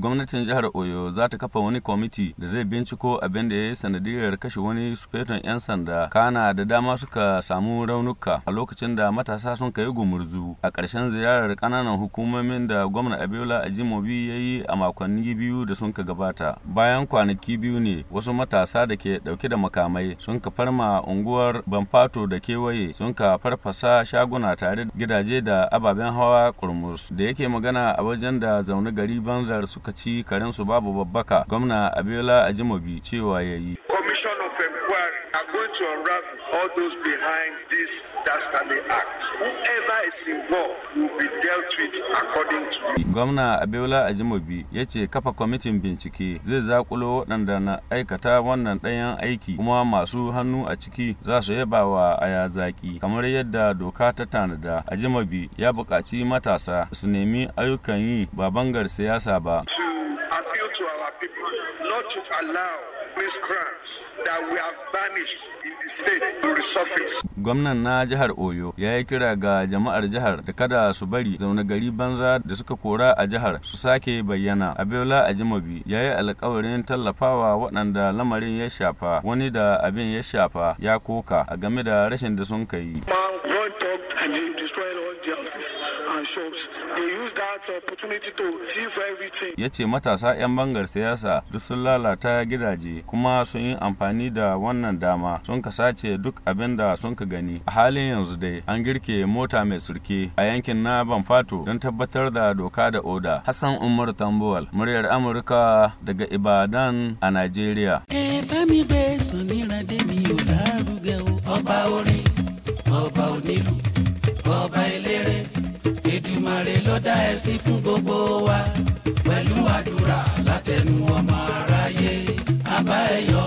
gwamnatin jihar oyo za ta kafa wani kwamiti da zai binciko abin da ya yi sanadiyar kashe wani sufeton 'yan sanda kana da dama suka samu raunuka a lokacin da matasa sun kai gumurzu a ƙarshen ziyarar ƙananan hukumomin da gwamna abiola ajimobi ya yi a makonni biyu da sun ka gabata bayan kwanaki biyu ne wasu matasa da ke ɗauke da makamai sun ka farma unguwar banfato da kewaye sun ka farfasa shaguna tare da gidaje da ababen hawa kurmus da yake magana a wajen da zaune gari banzar suka lokaci su babu babbaka gwamna abiola ajimobi cewa ya yi election of inquiry are going to unravel all those behind this dastardly act. Whoever is involved will be dealt with according to Gwamna Abiola Ajimobi ya ce kafa kwamitin bincike zai zakulo waɗanda na aikata wannan ɗayan aiki kuma masu hannu a ciki za su yaba wa aya zaki kamar yadda doka ta tanada Ajimobi ya buƙaci matasa su nemi ayyukan yi ba bangar siyasa ba. To appeal to our people not to allow miscreants that we have banished in the Gwamnan na jihar Oyo ya yi kira ga jama'ar jihar da kada su bari zaune gari banza da suka kora a jihar su sake bayyana. Abiola Ajimobi ya yi alkawarin tallafawa waɗanda lamarin ya shafa wani da abin ya shafa ya koka a game da rashin da sun kai. and they destroyed all the houses and shops. They used that opportunity to thief everything. Ya ce matasa 'yan bangar siyasa duk sun lalata gidaje kuma sun yi amfani da wannan dama sun ka sace duk abin da sun ka gani. A halin yanzu dai an girke mota mai surke a yankin na Banfato don tabbatar da doka da oda. Hassan Umar Tambuwal, muryar Amurka daga Ibadan a Najeriya. Eh, Èdùmàrè ló dá ẹṣin fún gbogbo wa pẹ̀lú àdúrà látẹnu ọmọ aráyé abá ẹ̀yọ́.